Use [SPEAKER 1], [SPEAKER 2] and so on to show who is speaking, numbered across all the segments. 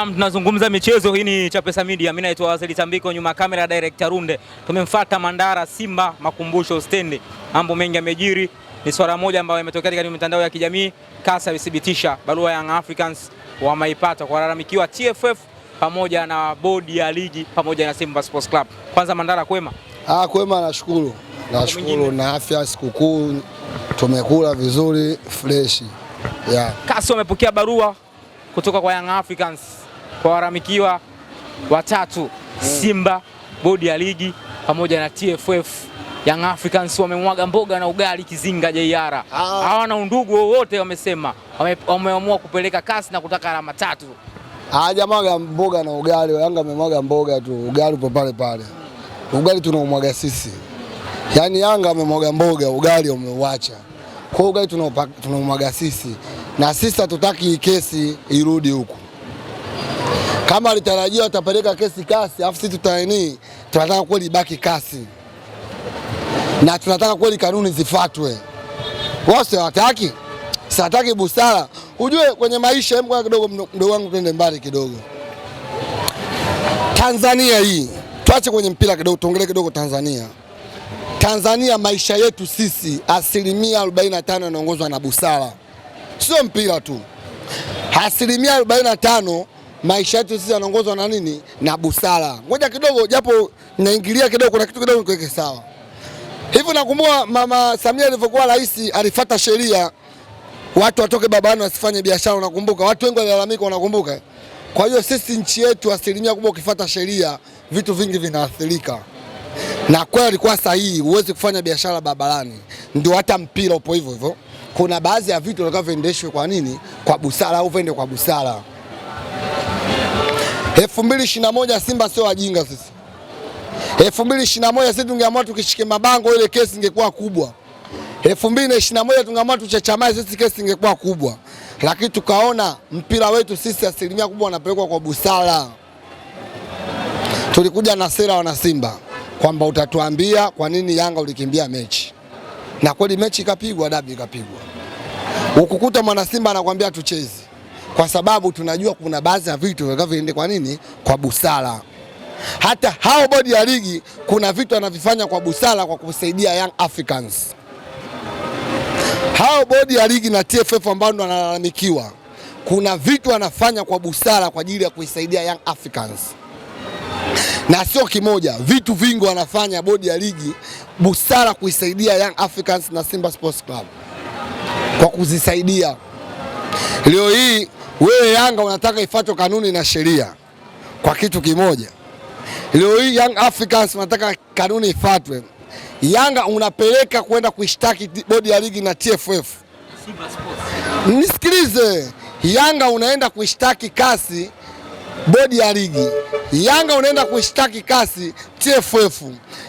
[SPEAKER 1] Naam, tunazungumza michezo. Hii ni Chapesa Media. Mimi naitwa Wazili Tambiko, nyuma kamera director Runde. Tumemfuata Mandara Simba makumbusho stendi, mambo mengi yamejiri. Ni swala moja ambayo imetokea katika mitandao ya kijamii, CASA ilithibitisha barua ya Young Africans wameipata kwa kulalamikiwa TFF pamoja na bodi ya ligi pamoja na Simba Sports Club. Kwanza Mandara, kwema?
[SPEAKER 2] Ah, kwema, nashukuru nashukuru, na afya, sikukuu tumekula vizuri fresh. Yeah.
[SPEAKER 1] CASA wamepokea barua kutoka kwa Young Africans kwa waramikiwa watatu Simba, bodi ya ligi pamoja na TFF. Young Africans wamemwaga mboga na ugali Kizinga JR, ah. hawana undugu wowote. Wamesema wameamua kupeleka kasi na kutaka alama tatu.
[SPEAKER 2] Ah, hajamwaga mboga na ugali, Yanga amemwaga mboga tu, ugali upo pale pale. Ugali tunaomwaga sisi, yaani Yanga amemwaga mboga, ugali umeuacha Kwa ugali tunaomwaga sisi, na sisi hatutaki kesi irudi huku. Kama alitarajia watapeleka kesi kasi, afu sisi tutaini, tunataka kweli ibaki kasi na tunataka kweli kanuni zifuatwe. Wose wataki sataki busara. Ujue kwenye maisha hebu kidogo, mdogo wangu, twende mbali kidogo. Tanzania hii tuache kwenye mpira kidogo, tuongelee kidogo Tanzania. Tanzania maisha yetu sisi asilimia 45 yanaongozwa na busara, sio mpira tu. Asilimia 45 maisha yetu sisi yanaongozwa na nini? Na busara. Ngoja kidogo, japo naingilia kidogo, kuna kitu kidogo kiweke sawa. Hivi nakumbuka mama Samia alivyokuwa rais, alifuata sheria watu watoke babani wasifanye biashara, unakumbuka? Watu wengi walilalamika, unakumbuka? Kwa hiyo sisi nchi yetu asilimia kubwa, ukifuata sheria vitu vingi vinaathirika, na kweli alikuwa sahihi, huwezi kufanya biashara babalani. Ndio hata mpira upo hivyo hivyo, kuna baadhi ya vitu viendeshwe kwa nini, kwa busara au vende kwa busara. 2021 Simba sio wajinga sisi. 2021 sisi tungeamua tukishike mabango ile kesi ingekuwa kubwa. 2021 tungeamua tuchachamae sisi kesi ingekuwa kubwa. Lakini tukaona mpira wetu sisi asilimia kubwa wanapelekwa kwa busara. Tulikuja na sera wana Simba kwamba utatuambia kwa nini Yanga ulikimbia mechi. Na kweli mechi ikapigwa, dabi ikapigwa. Ukukuta mwana Simba anakuambia tucheze kwa sababu tunajua kuna baadhi ya vitu vinavyoende kwa nini, kwa busara. Hata hao bodi ya ligi kuna vitu wanavifanya kwa busara, kwa kusaidia Young Africans. Hao bodi ya ligi na TFF ambao ndo wanalalamikiwa, kuna vitu wanafanya kwa busara kwa ajili ya kuisaidia Young Africans na sio kimoja, vitu vingi wanafanya bodi ya ligi busara kuisaidia Young Africans na Simba Sports Club kwa kuzisaidia. Leo hii wewe Yanga unataka ifuatwe kanuni na sheria kwa kitu kimoja. Leo hii Young Africans wanataka kanuni ifuatwe. Yanga unapeleka kwenda kuishtaki bodi ya ligi na TFF. Nisikilize, Yanga unaenda kuishtaki kasi bodi ya ligi, Yanga unaenda kuishtaki kasi TFF,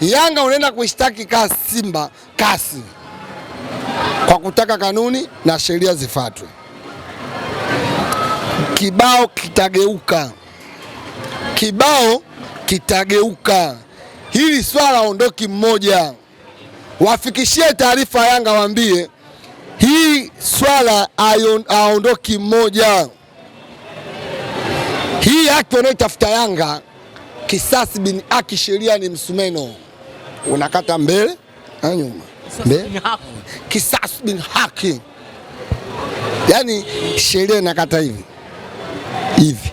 [SPEAKER 2] Yanga unaenda kuishtaki kasi Simba kasi kwa kutaka kanuni na sheria zifuatwe kibao kitageuka, kibao kitageuka. Hili swala ondoki mmoja, wafikishie taarifa Yanga, waambie hii swala aondoki mmoja. Hii haki tafuta Yanga, kisasi bin aki, sheria ni msumeno unakata mbele na nyuma, kisasi bin haki, yani sheria inakata hivi hivi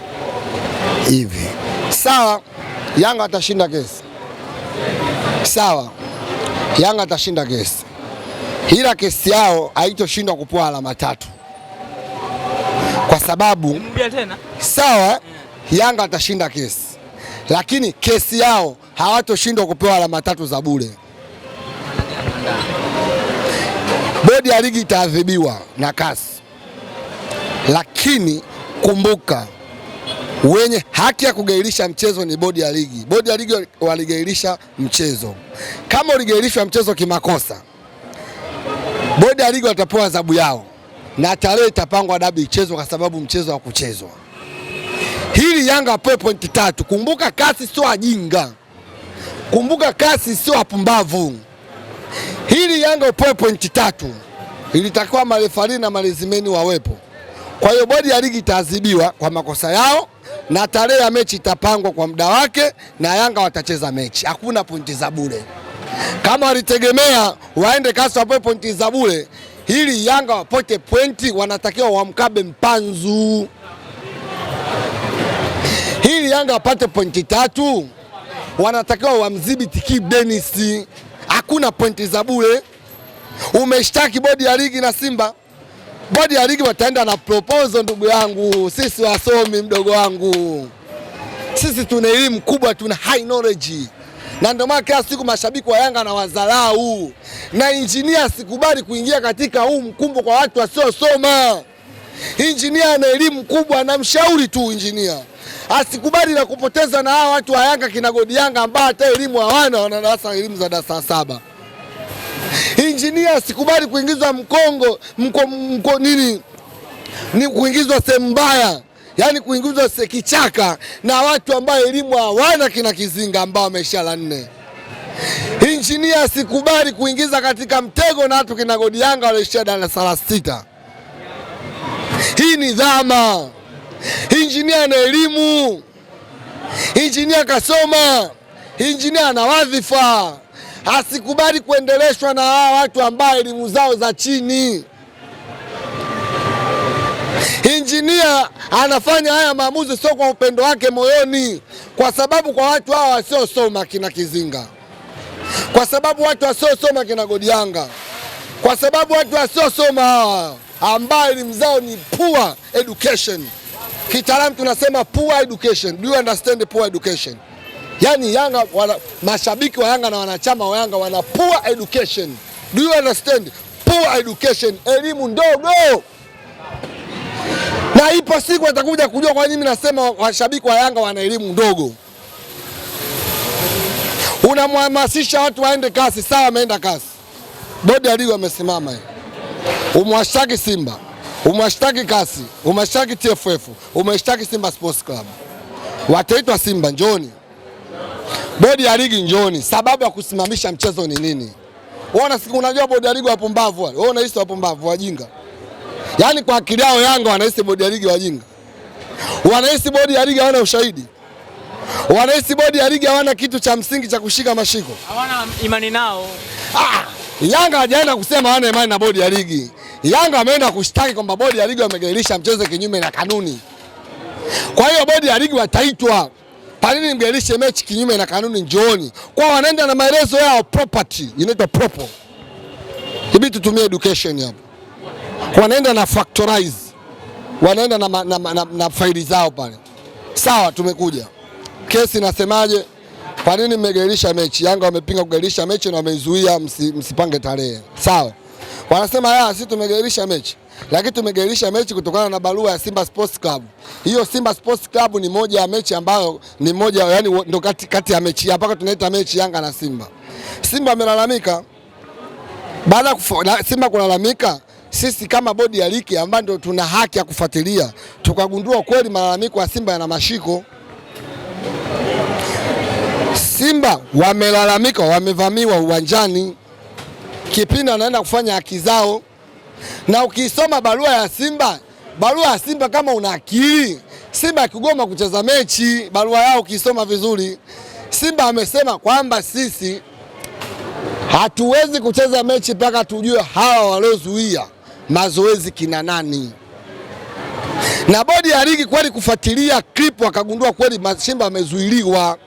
[SPEAKER 2] hivi. Sawa, Yanga atashinda kesi, sawa, Yanga atashinda kesi, ila kesi yao haitoshindwa kupewa alama tatu kwa sababu sawa, Yanga atashinda kesi, lakini kesi yao hawatoshindwa kupewa alama tatu za bure. Bodi ya ligi itaadhibiwa na kasi, lakini Kumbuka, wenye haki ya kugairisha mchezo ni bodi ya ligi. Bodi ya ligi waligairisha mchezo. Kama uligairishwa mchezo kimakosa, bodi ya ligi watapewa adhabu yao na tarehe itapangwa dabi ichezwe, kwa sababu mchezo wa kuchezwa. Hili Yanga apewe pointi tatu. Kumbuka, kasi sio ajinga, kumbuka, kasi sio apumbavu. Hili Yanga upewe pointi tatu, ilitakiwa marefari na marezimeni wawepo. Kwa hiyo bodi ya ligi itaadhibiwa kwa makosa yao, na tarehe ya mechi itapangwa kwa muda wake, na Yanga watacheza mechi. Hakuna pointi za bure. Kama walitegemea waende kasi wapoe pointi za bure, hili Yanga wapote pointi, wanatakiwa wamkabe mpanzu hili Yanga wapate pointi tatu, wanatakiwa wamdhibiti Kibu Denis. Hakuna pointi za bure. Umeshtaki bodi ya ligi na Simba bodi ya ligi wataenda na proposal. Ndugu yangu, sisi wasomi, mdogo wangu, sisi tuna elimu kubwa, tuna high knowledge na ndio maana kila siku mashabiki wa Yanga na wadharau na injinia. Sikubali kuingia katika huu mkumbo kwa watu wasiosoma. Injinia ana elimu kubwa, mshauri tu injinia asikubali na kupoteza na hawa watu wa Yanga kinagodi Yanga ambao hata elimu hawana, wana darasa elimu za darasa saba. Injinia sikubali kuingizwa mkongo mko, mko, nini ni kuingizwa sehemu mbaya, yaani kuingizwa kichaka na watu ambao elimu hawana, kina kizinga ambao wameisha la nne. Injinia sikubali kuingiza katika mtego na watu kina Godi Yanga walioishia darasa la sita. Hii ni dhama. Injinia ana elimu, injinia kasoma, injinia ana wadhifa hasikubali kuendeleshwa na hawa watu ambao elimu zao za chini. Injinia anafanya haya maamuzi sio kwa upendo wake moyoni, kwa sababu kwa watu hawa wasiosoma kina Kizinga, kwa sababu watu wasiosoma kina Godianga, kwa sababu watu wasiosoma hawa ambao elimu zao ni poor education. Kitaalamu tunasema poor education. Do you understand poor education? yani Yanga wana, mashabiki wa Yanga na wanachama wa Yanga wana poor education. Do you understand? Poor education, elimu ndogo, na ipo siku atakuja kujua kwa nini mimi nasema washabiki wa Yanga wana elimu ndogo. Unamhamasisha watu waende kasi, sawa, wameenda kasi. Bodi ya ligi wamesimama, umwashtaki Simba, umwashtaki kasi, umwashtaki TFF, umwashtaki Simba Sports Club, wataitwa Simba, njoni Bodi ya ligi njoni, sababu ya kusimamisha mchezo ni nini? siku unajua bodi ya ligi wapumbavu wale. Wao unahisi wapumbavu wajinga. Yaani kwa akili yao Yanga wanahisi bodi ya ligi wajinga. Wanahisi bodi ya ligi hawana ushahidi. Wanahisi bodi ya ligi hawana kitu cha msingi cha kushika mashiko.
[SPEAKER 1] Hawana imani nao.
[SPEAKER 2] Ah, Yanga hajaenda kusema hawana imani na bodi ya ligi. Yanga ameenda kushtaki kwamba bodi ya ligi wamegairisha mchezo kinyume na kanuni. Kwa hiyo bodi ya ligi wataitwa Panini mgairishe mechi kinyume na kanuni, njooni kwa wanaenda na maelezo yao, property inaitwa propo. Ibi tutumie education hapo, wanaenda na factorize, wanaenda na, na, na, na, na faili zao pale. Sawa, tumekuja kesi nasemaje Kwa nini mmegairisha mechi? Yanga wamepinga kugairisha mechi na wameizuia msipange tarehe. Sawa, wanasema ah, sisi tumegairisha mechi lakini tumegairisha mechi kutokana na barua ya Simba Sports Club. Hiyo Simba Sports Club ni moja ya mechi ambayo ni moja yani, ndo kati, kati ya mechi hapa tunaita mechi Yanga na Simba. Simba amelalamika baada ya Simba kulalamika sisi kama bodi ya ligi ambayo ndio tuna haki ya kufuatilia tukagundua kweli malalamiko ya Simba yana mashiko. Simba wamelalamika, wamevamiwa uwanjani, kipindi anaenda kufanya haki zao na ukiisoma barua ya Simba, barua ya Simba kama una akili, Simba akigoma kucheza mechi, barua yao ukiisoma vizuri, Simba amesema kwamba sisi hatuwezi kucheza mechi mpaka tujue hawa waliozuia mazoezi kina nani. Na bodi ya ligi kweli kufuatilia clip, wakagundua kweli Simba wamezuiliwa.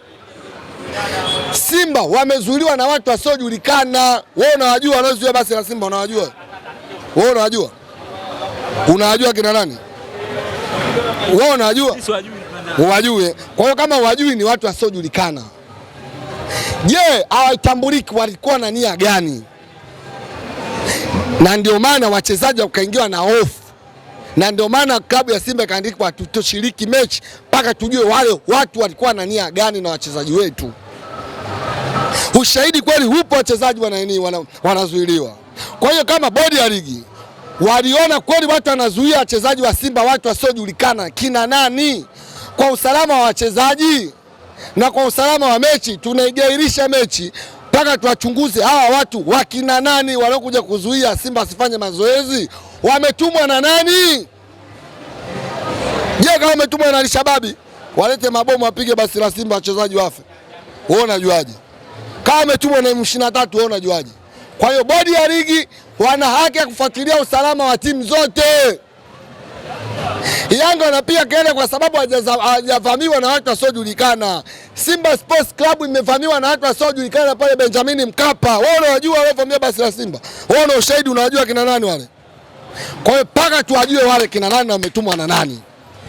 [SPEAKER 2] Simba wamezuiliwa na watu wasiojulikana. Wewe unawajua wanaozuia basi na Simba unawajua? Wewe unajua? Unajua kina nani? Wewe unajua? wajui Kwa hiyo kama wajui ni watu wasiojulikana. Je, yeah, hawatambuliki walikuwa na nia gani? Na ndio maana wachezaji wakaingiwa na hofu, na ndio maana klabu ya Simba ikaandikwa tutoshiriki mechi mpaka tujue wale watu walikuwa na nia gani na wachezaji wetu. Ushahidi kweli upo, wachezaji wanazuiliwa. Kwa hiyo kama bodi ya ligi waliona kweli watu wanazuia wachezaji wa Simba, watu wasiojulikana kina nani, kwa usalama wa wachezaji na kwa usalama wa mechi, tunaigairisha mechi mpaka tuwachunguze hawa watu wakina nani waliokuja kuzuia Simba asifanye mazoezi. Wametumwa na nani? Je, kama wametumwa na alshababi walete mabomu wapige basi la Simba wachezaji wafe, wewe unajuaje? Kama wametumwa na M23, wewe unajuaje? Kwa hiyo bodi ya ligi wana haki ya kufuatilia usalama wa timu zote. Yanga wanapiga kelele kwa sababu hajavamiwa na watu wasiojulikana. Simba Sports Club imevamiwa na watu wasiojulikana pale Benjamin Mkapa. Wao unawajua waliovamia basi la Simba, Wewe una ushahidi, unajua kina nani wale. Kwa hiyo mpaka tuwajue wale kina nani na wametumwa na nani.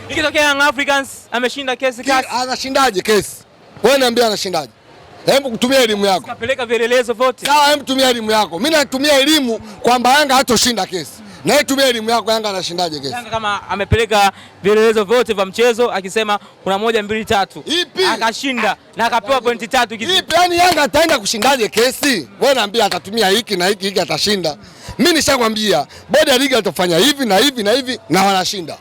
[SPEAKER 1] Ikitokea Young Africans ameshinda kesi kasi,
[SPEAKER 2] anashindaje kesi? Wewe niambia, anashindaje? hebu kutumia elimu yako.
[SPEAKER 1] Kapeleka vielelezo vote.
[SPEAKER 2] Sawa, hebu tumia elimu yako. Mimi natumia elimu kwamba Yanga hatoshinda kesi. Na yeye tumia elimu yako, Yanga anashindaje kesi?
[SPEAKER 1] Yanga kama amepeleka vielelezo vyote vya mchezo akisema kuna moja mbili tatu. Ipi? Akashinda na akapewa pointi tatu
[SPEAKER 2] Ipi? Yaani Yanga ataenda kushindaje kesi? Wewe naambia atatumia hiki na hiki hiki atashinda. Mimi nishakwambia bodi ya ligi atafanya hivi na hivi na hivi na wanashinda.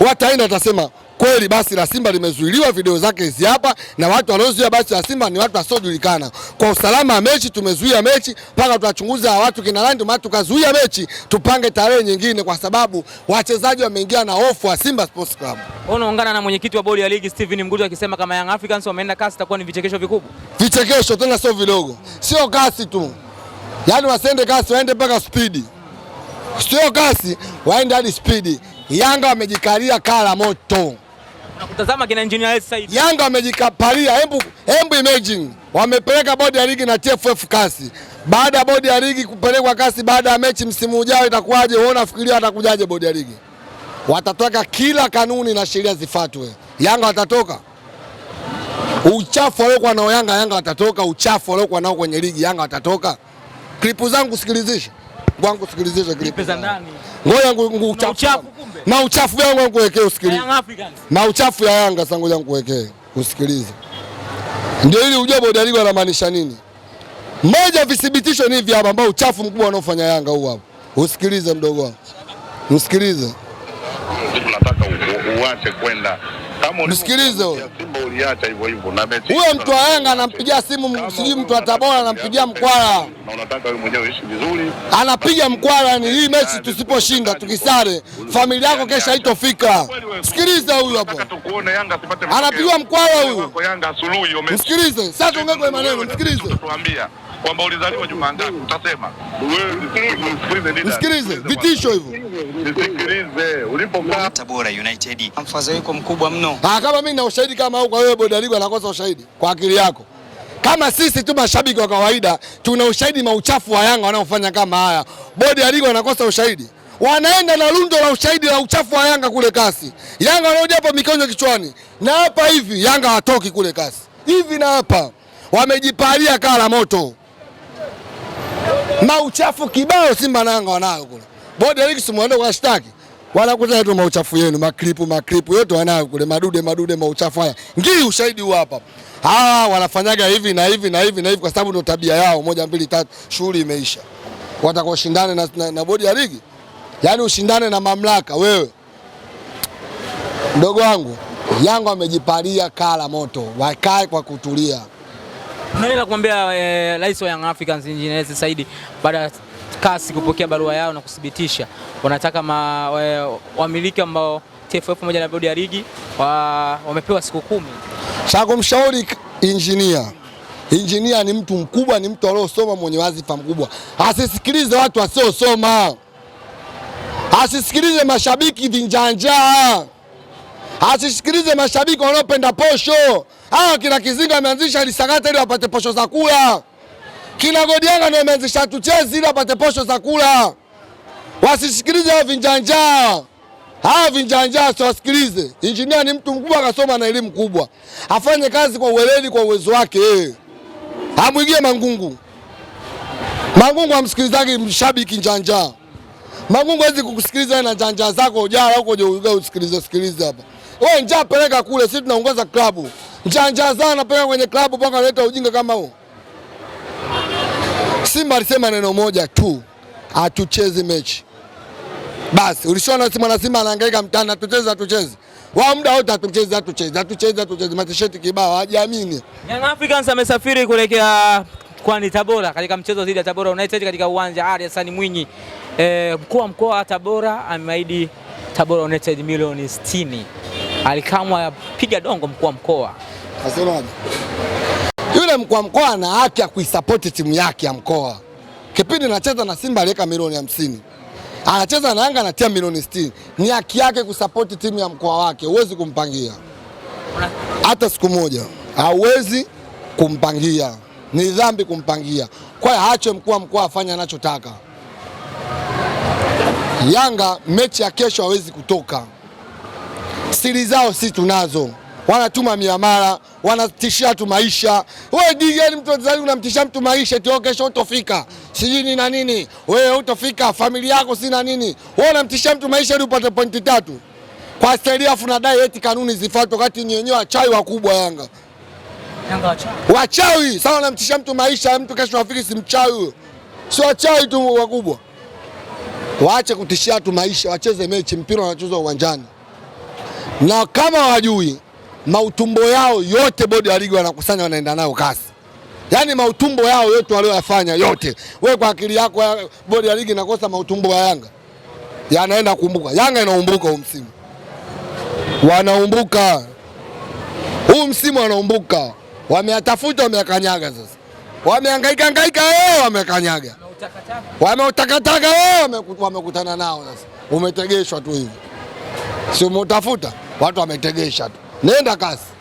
[SPEAKER 2] Wataenda atasema Kweli basi la Simba limezuiliwa, video zake hizi hapa, na watu waliozuia basi la Simba ni watu wasiojulikana. Kwa usalama wa mechi tumezuia mechi mpaka tuwachunguze hawa watu kina nani, maana tukazuia mechi, tupange tarehe nyingine, kwa sababu wachezaji wameingia na hofu wa Simba Sports Club.
[SPEAKER 1] Unaungana na mwenyekiti wa bodi ya ligi Steven Mgutu akisema kama Young Africans wameenda kasi, itakuwa ni vichekesho vikubwa,
[SPEAKER 2] vichekesho tena sio vidogo, sio kasi tu, yaani wasiende kasi, waende mpaka spidi, sio kasi, waende hadi spidi. Yanga wamejikalia kala moto.
[SPEAKER 1] Nakutazama kina Engineer Hersi hivi.
[SPEAKER 2] Yanga wamejikapalia, hebu hebu imagine. Wamepeleka bodi ya ligi na TFF kasi. Baada ya bodi ya ligi kupelekwa kasi baada ya mechi msimu ujao itakuwaje? Wewe unafikiria atakujaje bodi ya ligi? Watatoka kila kanuni na sheria zifuatwe. Yanga watatoka. Uchafu waliokuwa nao Yanga, Yanga watatoka. Uchafu waliokuwa nao kwenye ligi, Yanga watatoka. Klipu zangu sikilizishe. Kwangu sikilizisha
[SPEAKER 1] klipu za ndani.
[SPEAKER 2] Ngoja uchafu na uchafu yangu nikuwekee usikilize, na uchafu ya Yanga sangu yangu nikuwekee usikilize, ndio ili ujue bodi ya ligi anamaanisha nini. Moja vithibitisho ni hivi hapa, ambao uchafu mkubwa wanaofanya Yanga huu hapa. Usikilize mdogo wangu, usikilize,
[SPEAKER 3] tunataka uache kwenda
[SPEAKER 2] Msikilize huyo mtu wa Yanga anampigia simu, sijui mtu wa Tabora anampigia mkwara, anapiga mkwara. Ni hii mechi tusiposhinda, tukisare, familia yako kesha haitofika. Msikilize huyu hapo, anapigiwa mkwara huyu. Msikilize sasa, tuongee kwa maneno, msikilize
[SPEAKER 3] kwamba ulizaliwa juma ngapi, utasema
[SPEAKER 2] nisikilize. Vitisho hivyo, nisikilize
[SPEAKER 4] ulipokaa Tabora United, mfadhaiko mkubwa mno.
[SPEAKER 2] Ah, kama mimi na ushahidi kama huko, kwa wewe boda ligo anakosa ushahidi kwa akili yako kama sisi tu mashabiki wa kawaida tuna ushahidi mauchafu wa Yanga wanaofanya kama haya, bodi ya ligi wanakosa ushahidi, wanaenda na lundo la ushahidi la uchafu wa Yanga kule kasi. Yanga wanaoja hapo mikonyo kichwani na hapa hivi, Yanga hatoki kule kasi hivi na hapa, wamejipalia kala moto. Mauchafu kibao Simba na Yanga wanayo kule. Bodi ya ligi simuende washtaki. Wanakuta tu mauchafu yenu, maklipu maklipu yote wanayo kule, madude madude mauchafu haya. Ngii ushahidi huu hapa. Ah, wanafanyaga hivi na hivi na hivi na hivi kwa sababu ndio tabia yao, moja mbili tatu, shughuli imeisha. Watakuwa shindane na, na, na bodi ya ligi. Yaani ushindane na mamlaka wewe. Mdogo wangu, Yanga wamejipalia kala moto, wakae kwa kutulia.
[SPEAKER 1] Naenda kumwambia eh, rais wa Young Africans Engineers Saidi baada ya kasi kupokea barua yao na kudhibitisha wanataka eh, wamiliki ambao TFF pamoja na bodi ya ligi wamepewa siku kumi.
[SPEAKER 2] Cha kumshauri injinia, injinia ni mtu mkubwa, ni mtu aliyosoma, mwenye wazifa mkubwa, asisikilize watu wasiosoma, asisikilize mashabiki vinjanja, asisikilize mashabiki wanaopenda posho. Hawa kina Kizinga ameanzisha lisakata ili wapate posho za kula. Kina Godianga ndio ameanzisha tuchezi ili wapate posho za kula. Wasisikilize hao vinjanja. Hao vinjanja sio wasikilize. Injinia ni mtu mkubwa akasoma na elimu kubwa. Afanye kazi kwa uweledi kwa uwezo wake yeye. Amwigie Mangungu. Mangungu amsikilizaje mshabiki njanja. Mangungu hawezi kukusikiliza na njanja zako ujara huko je usikilize sikilize hapa. Wewe njaa peleka kule, sisi tunaongoza klabu. Mjanja sana pewa kwenye klabu mpaka analeta ujinga kama huu. Simba alisema neno moja tu, hatuchezi mechi basi. ulishona Simba na Simba anahangaika mtaani, hatuchezi hatuchezi wa muda wote hatuchezi hatuchezi hatuchezi hatuchezi, matisheti kibao hajiamini.
[SPEAKER 1] Young Africans amesafiri kuelekea kwani Tabora katika mchezo dhidi ya Tabora United katika uwanja Ali Hassan Mwinyi. E, mkuu wa mkoa wa Tabora ameahidi Tabora United milioni 60. Alikamwa piga dongo mkuu wa mkoa. Nasemaje?
[SPEAKER 2] Yule mkwa mkoa ana haki ya kuisapoti timu yake ya mkoa. Kipindi anacheza na Simba aliweka milioni hamsini, anacheza na Yanga anatia milioni sitini. Ni haki yake kusapoti timu ya mkoa wake, huwezi kumpangia hata siku moja, hauwezi kumpangia. Ni dhambi kumpangia. Kwa hiyo aache mkuu wa mkoa afanye anachotaka. Yanga mechi ya kesho hawezi kutoka, siri zao si tunazo wanatuma miamala, wanatishia tu maisha. Wewe digani mtu mzali unamtishia mtu maisha tio, oh, kesho utofika sijui ni na nini, wewe utofika familia yako si na nini, wewe unamtishia mtu maisha ili upate pointi tatu kwa staili, afu nadai eti kanuni zifuatwe, wakati ni wenyewe wachawi wakubwa Yanga. Yanga wachawi, wachawi sawa, wanamtishia mtu maisha, mtu kesho afiki, si mchawi huyo, si wachawi tu wakubwa. Waache kutishia tu maisha, wacheze mechi. Mpira unachezwa uwanjani, na kama wajui mautumbo yao yote bodi ya ligi wanakusanya, wanaenda nayo kasi. Yaani mautumbo yao yote walioyafanya yote, we kwa akili yako ya bodi ya ligi inakosa mautumbo ya Yanga yanaenda kuumbuka. Yanga inaumbuka huu msimu, wanaumbuka huu msimu, wanaumbuka. Wameatafuta, wameakanyaga. Sasa wamehangaika hangaika, wao eh, wamekanyaga, wameutakataka eh, wao wamekutana nao. Sasa umetegeshwa tu hivi, si umeutafuta, watu wametegesha tu. Nenda kazi.